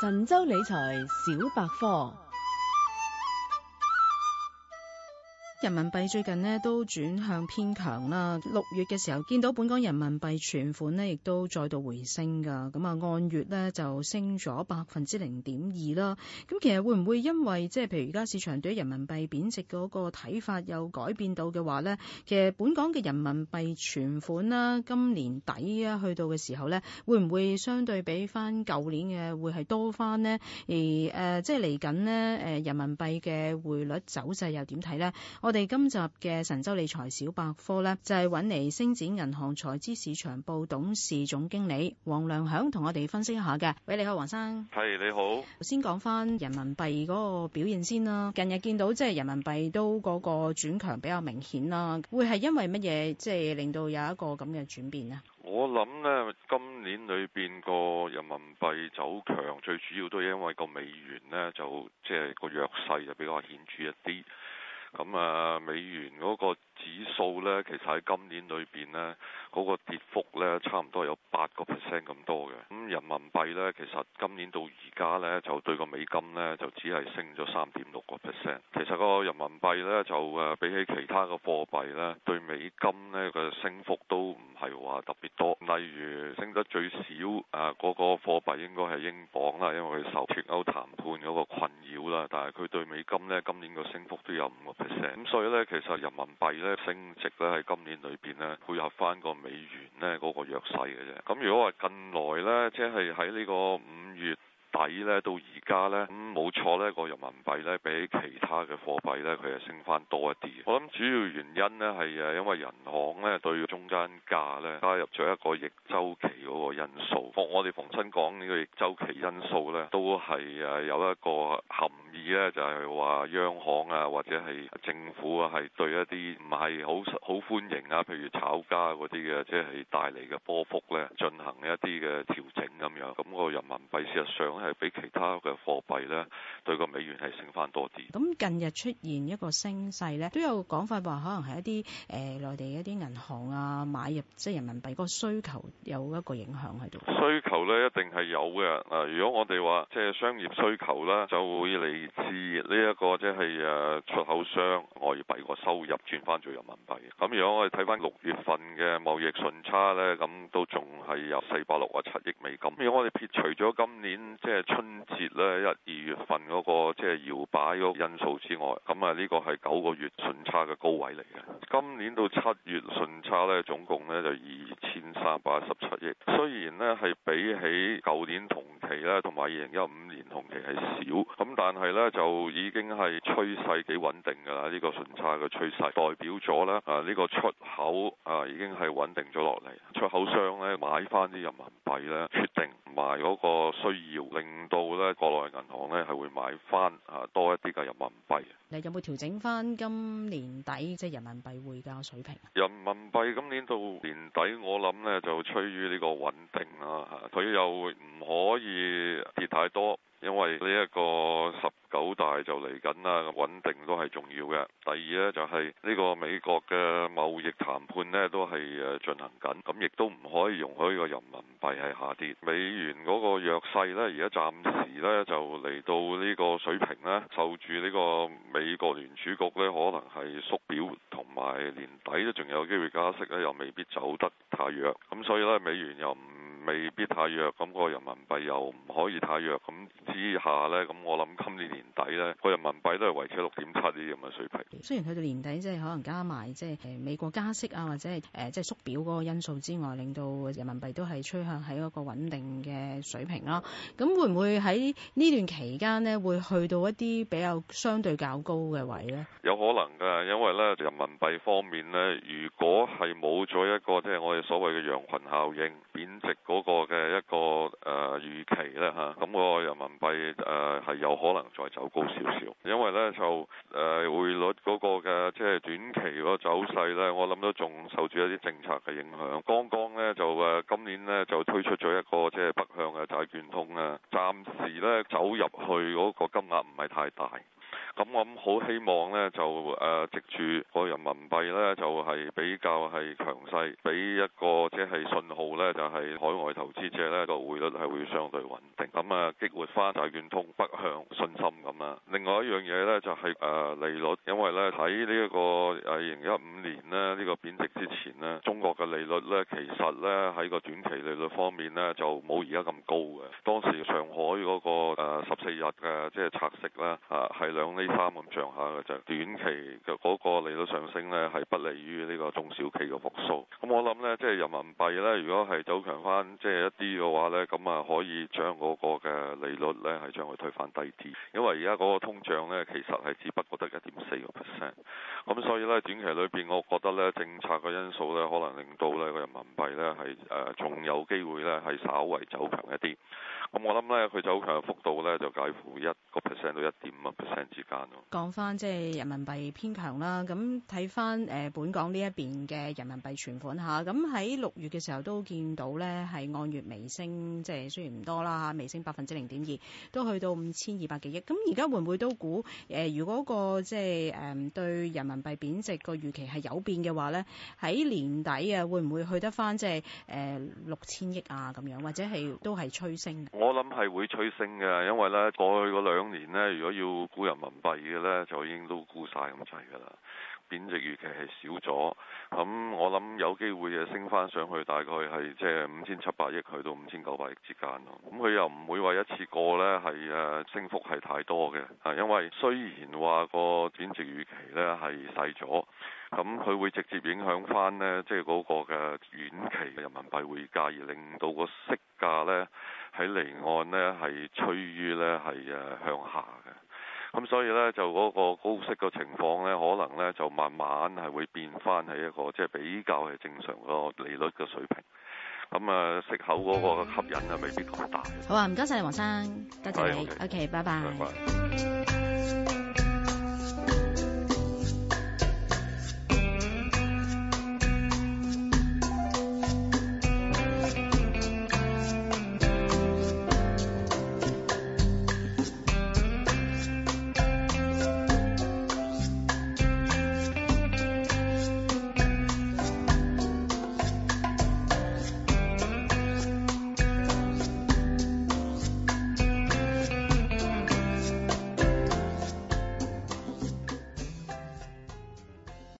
神州理財小百科。人民幣最近呢都轉向偏強啦。六月嘅時候見到本港人民幣存款呢亦都再度回升噶。咁啊，按月呢就升咗百分之零點二啦。咁其實會唔會因為即係譬如而家市場對於人民幣貶值嗰個睇法有改變到嘅話呢？其實本港嘅人民幣存款啦，今年底啊去到嘅時候呢，會唔會相對比翻舊年嘅會係多翻呢？而誒、呃、即係嚟緊呢，誒人民幣嘅匯率走勢又點睇呢？我哋今集嘅神州理財小百科呢，就係搵嚟星展銀行財資市場部董事總經理黃良響同我哋分析一下嘅。喂，你好，黃生。係、hey, 你好。先講翻人民幣嗰個表現先啦。近日見到即係人民幣都嗰個轉強比較明顯啦，會係因為乜嘢即係令到有一個咁嘅轉變咧？我諗呢，今年裏邊個人民幣走強，最主要都係因為個美元呢，就即係、就是、個弱勢就比較顯著一啲。咁啊，美元嗰、那個指數咧，其實喺今年裏邊呢，嗰個跌幅咧，差唔多有八個 percent 咁多嘅。咁人民幣咧，其實今年到而家咧，就對個美金咧，就只係升咗三點六個 percent。其實個人民幣咧，就誒比起其他嘅貨幣咧，對美金咧嘅升幅都唔係話特別多。例如升得最少啊，嗰個貨幣應該係英鎊啦，因為佢受脱歐談判嗰個困擾啦。但係佢對美金咧，今年個升幅都有五個 percent。咁所以咧，其實人民幣咧。升值咧，喺今年裏邊咧，配合翻個美元咧嗰個弱勢嘅啫。咁如果話近來咧，即係喺呢個五月。睇咧到而家咧，咁冇錯咧，個人民幣咧比其他嘅貨幣咧，佢係升翻多一啲。我諗主要原因咧，係誒因為銀行咧對中間價咧加入咗一個逆周期嗰個因素。我哋逢親講呢個逆周期因素咧，都係誒有一個含義咧，就係話央行啊或者係政府啊，係對一啲唔係好好歡迎啊，譬如炒家嗰啲嘅即係帶嚟嘅波幅咧，進行一啲嘅調整咁樣。咁個人民幣事實上咧。比其他嘅貨幣咧，對個美元係升翻多啲。咁近日出現一個升勢咧，都有講法話可能係一啲誒、呃、內地一啲銀行啊，買入即係人民幣個需求有一個影響喺度。需求咧一定係有嘅。啊，如果我哋話即係商業需求咧，就會嚟自呢、這、一個即係誒出口商外幣個收入轉翻做人民幣。咁如果我哋睇翻六月份嘅貿易順差咧，咁都仲係有四百六啊七億美金。如果我哋撇除咗今年即係。就是春節咧，一、二月份嗰個即係搖擺嗰個因素之外，咁啊呢個係九個月順差嘅高位嚟嘅。今年到七月順差咧，總共咧就二千三百一十七億。雖然咧係比起舊年同期咧，同埋二零一五年同期係少，咁但係咧就已經係趨勢幾穩定㗎啦。呢個順差嘅趨勢代表咗咧啊呢個出口啊已經係穩定咗落嚟。出口商咧買翻啲人民幣咧，決定賣嗰個需要嘅。令到咧，國內銀行咧係會買翻啊多一啲嘅人民幣。你有冇調整翻今年底即係、就是、人民幣匯價水平？人民幣今年到年底，我諗咧就趨於呢個穩定啦。嚇，佢又唔可以跌太多。因為呢一個十九大就嚟緊啦，咁穩定都係重要嘅。第二呢，就係呢個美國嘅貿易談判呢，都係誒進行緊，咁亦都唔可以容許個人民幣係下跌。美元嗰個弱勢呢，而家暫時呢，就嚟到呢個水平呢，受住呢個美國聯儲局呢，可能係縮表，同埋年底都仲有機會加息呢，又未必走得太弱。咁所以呢，美元又唔。未必太弱，咁個人民幣又唔可以太弱，咁之下咧，咁我諗今年年底咧，個人民幣都係維持六點七呢啲咁嘅水平。雖然去到年底，即係可能加埋即係美國加息啊，或者係誒即係縮表嗰個因素之外，令到人民幣都係趨向喺一個穩定嘅水平啦。咁會唔會喺呢段期間呢會去到一啲比較相對較高嘅位咧？有可能㗎，因為咧人民幣方面咧，如果係冇咗一個即係、就是、我哋所謂嘅羊群效應，貶值嗰個嘅一個誒預期咧嚇，咁、嗰個人民幣誒係、呃、有可能再走高少少，因為咧就誒匯率嗰個嘅即係短期嗰個走勢咧，我諗都仲受住一啲政策嘅影響。剛剛咧就誒今年咧就推出咗一個即係、就是、北向嘅債券通呀，暫時咧走入去嗰個金額唔係太大。咁我好希望咧，就誒、啊、藉住個人民幣咧，就係、是、比較係強勢，俾一個即係信號咧，就係、是、海外投資者咧個匯率係會相對穩定，咁啊激活翻債券通北向信心咁啊。另外一樣嘢咧就係、是、誒、啊、利率，因為咧喺呢一個誒二零一五年咧呢、這個貶值之前呢，中國嘅利率咧其實咧喺個短期利率方面。就冇而家咁高嘅，當時上海嗰個誒十四日嘅即係拆息咧，啊係兩厘三咁上下嘅啫。短期嘅嗰個利率上升咧，係不利於呢個中小企嘅復甦。咁我諗咧，即係人民幣咧，如果係走強返，即係一啲嘅話咧，咁啊可以將嗰個嘅利率咧係將佢推返低啲，因為而家嗰個通脹咧其實係只不過得一點四個 percent。咁所以咧短期裏邊，我覺得咧政策嘅因素咧，可能令到咧個人民幣咧係誒仲有機會咧，係稍為走強一啲，咁我諗咧佢走強嘅幅度咧就介乎一個 percent 到一點五個 percent 之間咯。講翻即係人民幣偏強啦，咁睇翻誒本港呢一邊嘅人民幣存款嚇，咁喺六月嘅時候都見到咧係按月微升，即係雖然唔多啦嚇，微升百分之零點二，都去到五千二百幾億。咁而家會唔會都估誒、呃？如果個即係誒對人民幣貶值個預期係有變嘅話咧，喺年底啊會唔會去得翻即係誒六千億啊？咁樣或者係都係催升我諗係會催升嘅，因為咧過去嗰兩年咧，如果要沽人民幣嘅咧，就已經都沽晒咁滯㗎啦。貶值預期係少咗，咁我諗有機會誒升翻上去，大概係即係五千七百億去到五千九百億之間咯。咁佢又唔會話一次過咧係誒升幅係太多嘅，嚇，因為雖然話個貶值預期咧係細咗。咁佢會直接影響翻咧，即係嗰個嘅遠期嘅人民幣匯價，而令到個息價咧喺離岸咧係趨於咧係誒向下嘅。咁所以咧就嗰個高息嘅情況咧，可能咧就慢慢係會變翻係一個即係、就是、比較係正常個利率嘅水平。咁啊，息口嗰個吸引啊，未必咁大。好啊，唔該晒。黃生，多謝你。OK，拜拜。謝謝。